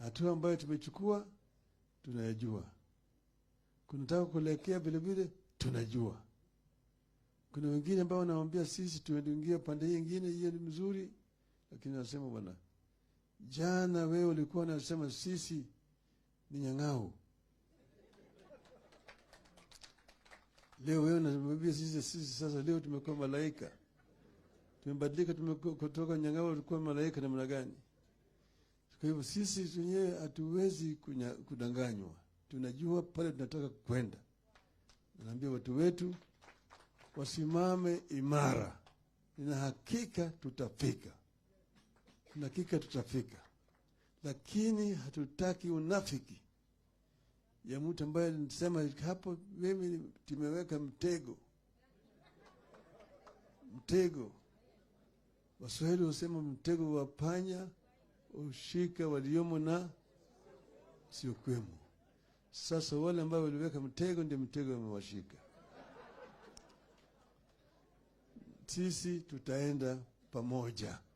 hatua ambayo tumechukua tunayajua, kunataka kuelekea vilevile tunajua. Kuna wengine ambao wanawambia sisi tuingia pande hii ingine, hiyo ni mzuri, lakini nasema bwana, jana wewe ulikuwa unasema sisi ni nyang'au, leo wewe unatuambia sisi sisi. Sasa leo tumekuwa malaika, tumebadilika, tumekuwa kutoka nyang'au, ulikuwa malaika namna gani? Kwa hivyo sisi wenyewe hatuwezi kudanganywa, tunajua pale tunataka kwenda. Naambia watu wetu wasimame imara, nina hakika tutafika, nina hakika tutafika, lakini hatutaki unafiki ya mtu ambaye anisema hapo, mimi tumeweka mtego, mtego. Waswahili wasema mtego wa panya ushike waliomo na siokwemo. Sasa wale ambao waliweka mtego, ndio mtego wamewashika. Sisi tutaenda pamoja.